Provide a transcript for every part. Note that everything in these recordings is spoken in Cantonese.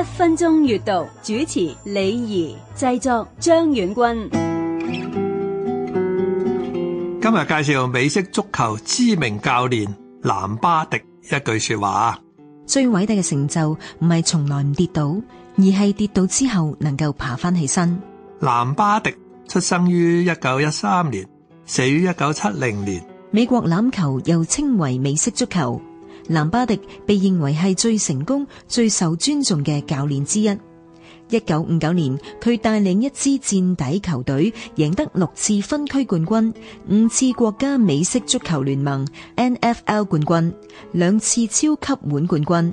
一分鐘閱讀，主持李儀，製作張遠軍。今日介紹美式足球知名教練藍巴迪一句說話：最偉大嘅成就唔係從來唔跌倒，而係跌倒之後能夠爬翻起身。藍巴迪出生於一九一三年，死於一九七零年。美國欖球又稱為美式足球。藍巴迪被認為係最成功、最受尊重嘅教練之一。一九五九年，佢帶領一支墊底球隊贏得六次分區冠軍、五次國家美式足球聯盟 （NFL） 冠軍、兩次超級碗冠軍。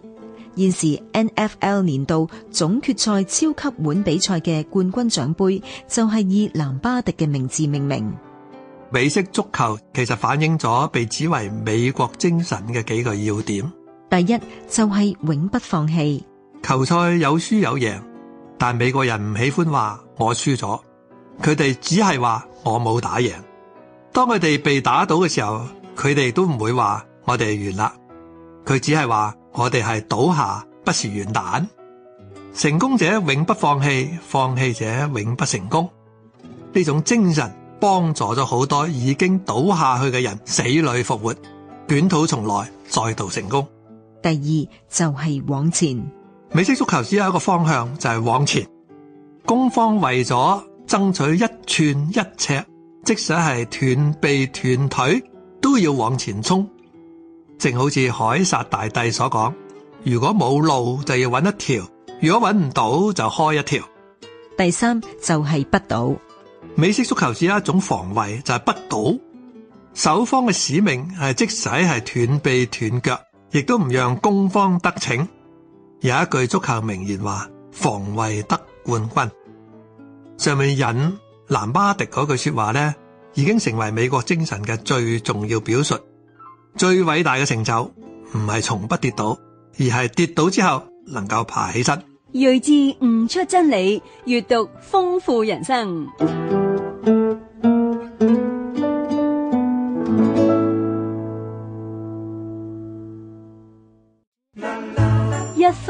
現時 NFL 年度總決賽超級碗比賽嘅冠軍獎杯就係以藍巴迪嘅名字命名。美式足球其實反映咗被指為美國精神嘅幾個要點。第一就係、是、永不放棄。球賽有輸有贏，但美國人唔喜歡話我輸咗，佢哋只係話我冇打贏。當佢哋被打倒嘅時候，佢哋都唔會話我哋完啦，佢只係話我哋係倒下，不是完蛋。成功者永不放棄，放棄者永不成功。呢種精神。幫助咗好多已經倒下去嘅人，死裏復活，捲土重來，再度成功。第二就係、是、往前，美式足球只有一個方向就係、是、往前，攻方為咗爭取一寸一尺，即使係斷臂斷腿都要往前衝。正好似凱撒大帝所講：如果冇路就要搵一條，如果搵唔到就開一條。第三就係、是、不倒。美式足球只有一種防衛，就係不倒。守方嘅使命係，即使係斷臂斷腳，亦都唔讓攻方得逞。有一句足球名言話：防衛得冠軍。上面引蘭巴迪嗰句說話咧，已經成為美國精神嘅最重要表述。最偉大嘅成就唔係從不跌倒，而係跌倒之後能夠爬起身。睿智悟出真理，閱讀豐富人生。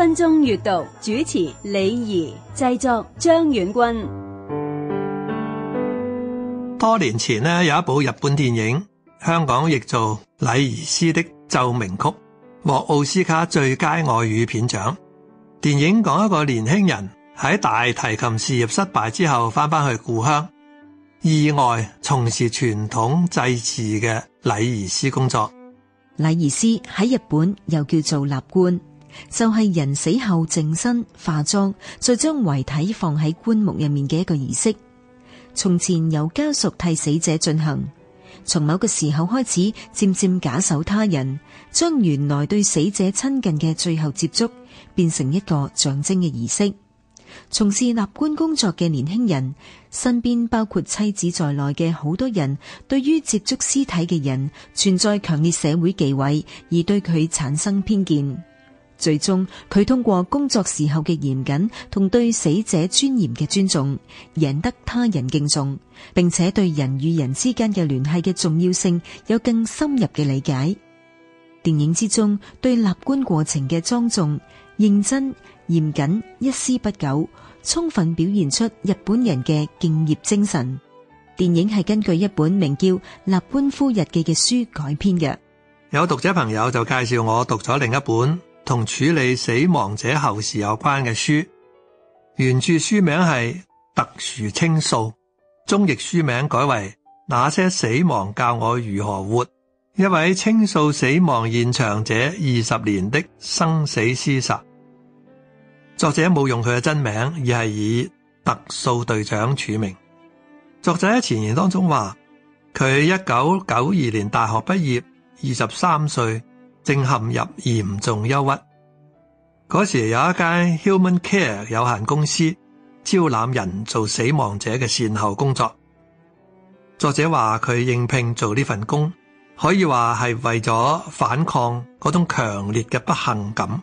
分鐘閱讀主持李怡製作張遠軍。多年前咧有一部日本電影，香港譯做《禮儀師的奏鳴曲》，獲奧斯卡最佳外語片獎。電影講一個年輕人喺大提琴事業失敗之後，翻返去故鄉，意外從事傳統祭祀嘅禮儀師工作。禮儀師喺日本又叫做納棺。就係人死後淨身化妝，再將遺體放喺棺木入面嘅一個儀式。從前由家屬替死者進行，從某個時候開始，漸漸假手他人，將原來對死者親近嘅最後接觸變成一個象徵嘅儀式。從事納棺工作嘅年輕人身邊包括妻子在內嘅好多人，對於接觸屍體嘅人存在強烈社會忌諱，而對佢產生偏見。最終，同處理死亡者後事有關嘅書，原著書名係《特殊清掃》，中譯書名改為《那些死亡教我如何活》。一位清掃死亡現場者二十年的生死思索。作者冇用佢嘅真名，而係以特掃隊長署名。作者喺前言當中話：佢一九九二年大學畢業，二十三歲。正陷入嚴重憂鬱嗰時，有一間 Human Care 有限公司招攬人做死亡者嘅善後工作。作者話佢應聘做呢份工，可以話係為咗反抗嗰種強烈嘅不幸感，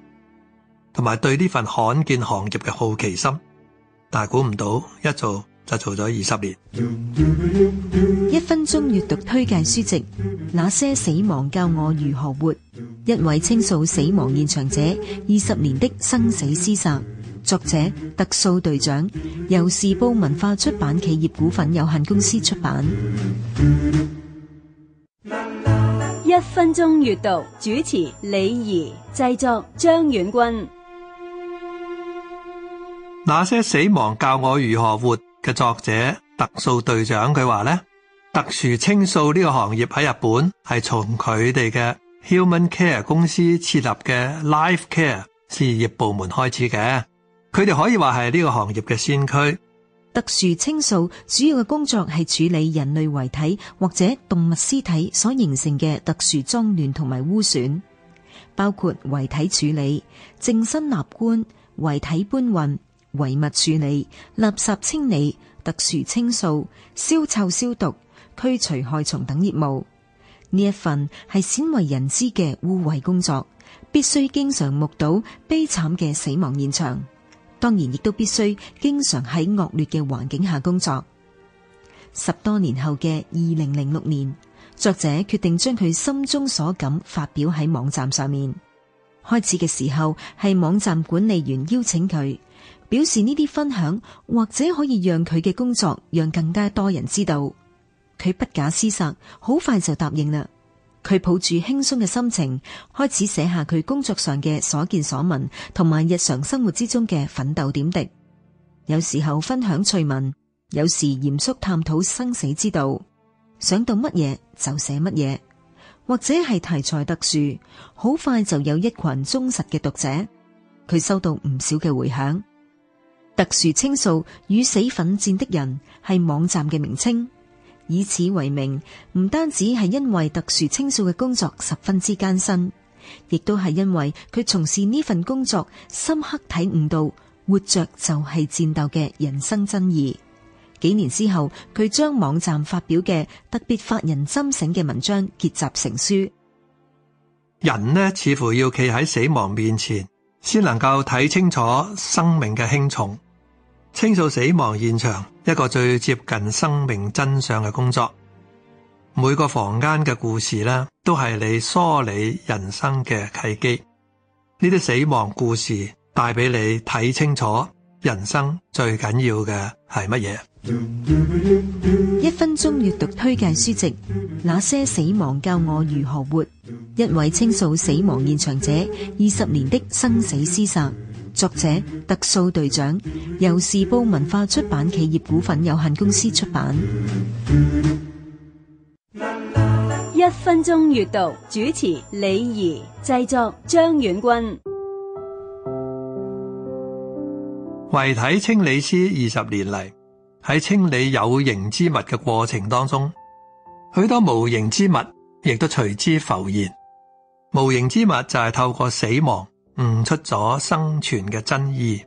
同埋對呢份罕見行業嘅好奇心。但係估唔到一做，就做咗二十年。一分鐘閱讀推介書籍：《那些死亡教我如何活》，一位清掃死亡現場者二十年的生死思索。作者特掃隊長，由時報文化出版企業股份有限公司出版。一分鐘閱讀主持李怡，製作張遠軍。《那些死亡教我如何活》。嘅作者特掃隊長，佢話呢，特殊清掃呢個行業喺日本係從佢哋嘅 Human Care 公司設立嘅 Life Care 事業部門開始嘅，佢哋可以話係呢個行業嘅先驅。特殊清掃主要嘅工作係處理人類遺體或者動物屍體所形成嘅特殊髒亂同埋污損，包括遺體處理、淨身納棺、遺體搬運、遺物處理、垃圾清理、特殊清掃、消臭消毒、驅除害蟲等業務。呢一份係鮮為人知嘅污穢工作，必須經常目睹悲慘嘅死亡現場。當然，亦都必須經常喺惡劣嘅環境下工作。十多年後嘅二零零六年，作者決定將佢心中所感發表喺網站上面。開始嘅時候係網站管理員邀請佢。表示呢啲分享或者可以讓佢嘅工作讓更加多人知道。佢不假思索，好快就答應啦。佢抱住輕鬆嘅心情，開始寫下佢工作上嘅所見所聞，同埋日常生活之中嘅奮鬥點滴。有時候分享趣聞，有時嚴肅探討生死之道，想到乜嘢就寫乜嘢，或者係題材特殊，好快就有一群忠實嘅讀者。佢收到唔少嘅回響。特殊清掃與死奮戰的人係網站嘅名稱，以此為名，唔單止係因為特殊清掃嘅工作十分之艱辛，亦都係因為佢從事呢份工作，深刻體悟到活着就係戰鬥嘅人生真義。幾年之後，佢將網站發表嘅特別發人深省嘅文章結集成書。人呢，似乎要企喺死亡面前，先能夠睇清楚生命嘅輕重。清掃死亡現場一個最接近生命真相嘅工作，每個房間嘅故事啦，都係你梳理人生嘅契機。呢啲死亡故事帶俾你睇清楚人生最緊要嘅係乜嘢？一分鐘閱讀推介書籍：《那些死亡教我如何活》，一位清掃死亡現場者二十年的生死思索。作者特掃隊長，由時報文化出版企業股份有限公司出版。一分鐘閱讀主持李怡，製作張遠軍。遺體 清理師二十年嚟喺清理有形之物嘅過程當中，許多無形之物亦都隨之浮現。無形之物就係透過死亡，悟出咗生存嘅真意，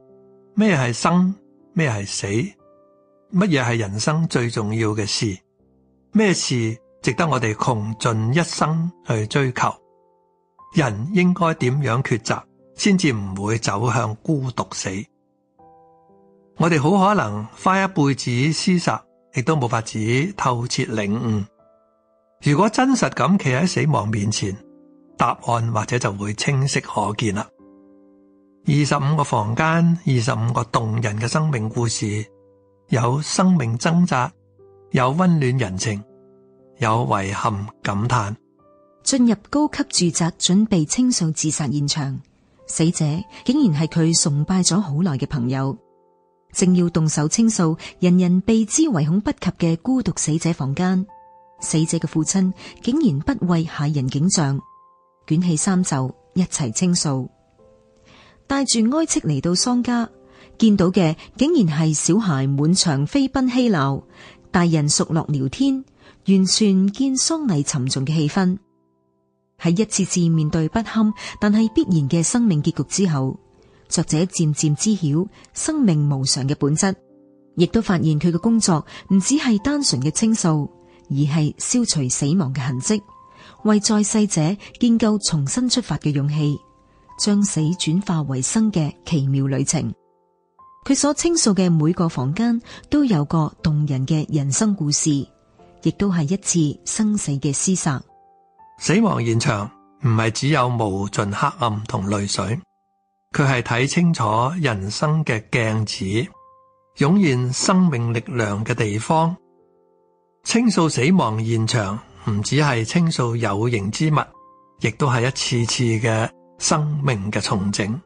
咩係生，咩係死，乜嘢係人生最重要嘅事，咩事值得我哋窮盡一生去追求？人應該點樣抉擇，先至唔會走向孤獨死？我哋好可能花一輩子思索，亦都冇法子透徹領悟。如果真實咁企喺死亡面前，答案或者就會清晰可見啦。二十五個房間，二十五個動人嘅生命故事，有生命掙扎，有溫暖人情，有遺憾感嘆。進入高級住宅準備清掃自殺現場，死者竟然係佢崇拜咗好耐嘅朋友。正要動手清掃人人避之唯恐不及嘅孤獨死者房間，死者嘅父親竟然不畏嚇人景象，捲起衫袖一齊清掃。帶住哀戚嚟到喪家，見到嘅竟然係小孩滿場飛奔嬉鬧，大人熟絡聊天，完全見喪禮沉重嘅氣氛。喺一次次面對不堪，但係必然嘅生命結局之後，作者漸漸知曉，生命無常嘅本質，亦都發現佢嘅工作唔只係單純嘅清掃，而係消除死亡嘅痕跡，為在世者建構重新出發嘅勇氣。將死轉化為生嘅奇妙旅程，佢所清掃嘅每個房間都有個動人嘅人生故事，亦都係一次生死嘅厮殺。死亡現場唔係只有無盡黑暗同淚水，佢係睇清楚人生嘅鏡子，湧現生命力量嘅地方。清掃死亡現場唔止係清掃有形之物，亦都係一次次嘅。生命嘅重整。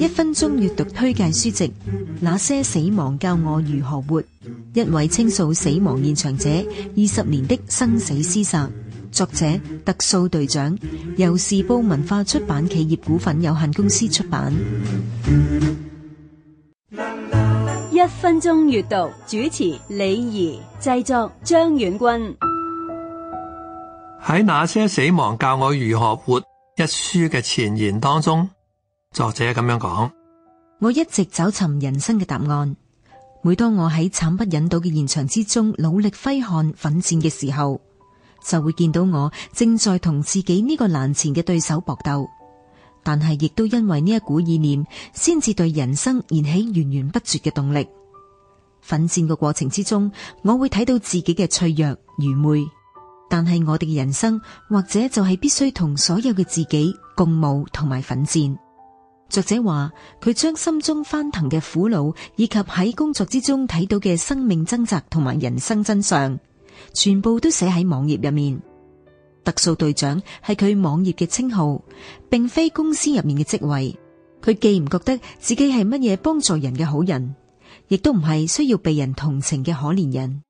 一分鐘閱讀推介書籍：《那些死亡教我如何活》，一位清掃死亡現場者二十年的生死思索。作者特掃隊長，由時報文化出版企業股份有限公司出版。一分鐘閱讀主持李怡，製作張遠軍。喺《那些死亡教我如何活》。一書嘅前言當中，作者咁樣講：我一直找尋人生嘅答案。每當我喺慘不忍睹嘅現場之中努力揮汗奮戰嘅時候，就會見到我正在同自己呢個難纏嘅對手搏鬥。但係亦都因為呢一股意念，先至對人生燃起源源不絕嘅動力。奮戰嘅過程之中，我會睇到自己嘅脆弱、愚昧。但係我哋嘅人生，或者就係必須同所有嘅自己共舞同埋奮戰。作者話，佢將心中翻騰嘅苦惱以及喺工作之中睇到嘅生命掙扎同埋人生真相，全部都寫喺網頁入面。特掃隊長係佢網頁嘅稱號，並非公司入面嘅職位。佢既唔覺得自己係乜嘢幫助人嘅好人，亦都唔係需要被人同情嘅可憐人。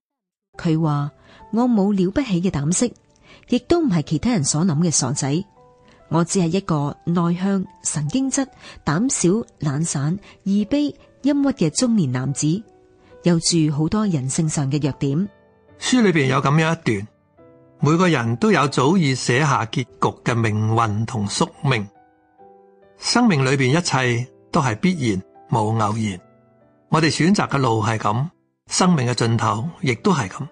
佢話。我冇了不起嘅膽識，亦都唔係其他人所諗嘅傻仔。我只係一個內向、神經質、膽小、懶散、易悲、陰鬱嘅中年男子，有住好多人性上嘅弱點。書裏邊有咁樣一段：每個人都有早已寫下結局嘅命運同宿命，生命裏邊一切都係必然，冇偶然。我哋選擇嘅路係咁，生命嘅盡頭亦都係咁。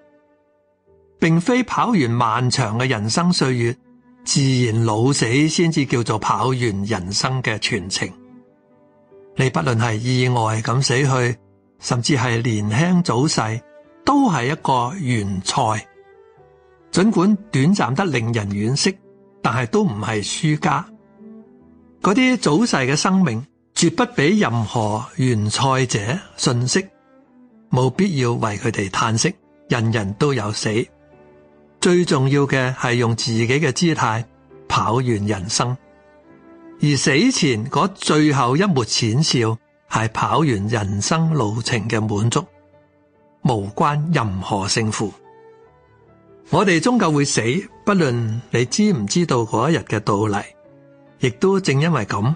並非跑完漫長嘅人生歲月，自然老死先至叫做跑完人生嘅全程。你不論係意外咁死去，甚至係年輕早逝，都係一個完賽。盡管短暫得令人惋惜，但係都唔係輸家。嗰啲早逝嘅生命，絕不比任何完賽者遜色，冇必要為佢哋嘆息，人人都有死。最重要嘅係用自己嘅姿態跑完人生，而死前嗰最後一抹淺笑係跑完人生路程嘅滿足，無關任何勝負。我哋終究會死，不論你知唔知道嗰一日嘅到來，亦都正因為咁，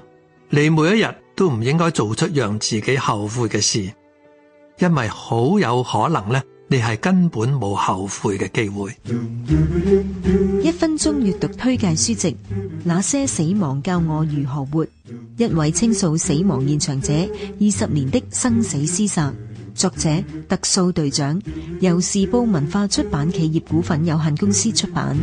你每一日都唔應該做出讓自己後悔嘅事，因為好有可能咧。你係根本冇後悔嘅機會。一分鐘閱讀推介書籍：《那些死亡教我如何活》，一位清掃死亡現場者二十年的生死思索。作者：特掃隊長，由時報文化出版企業股份有限公司出版。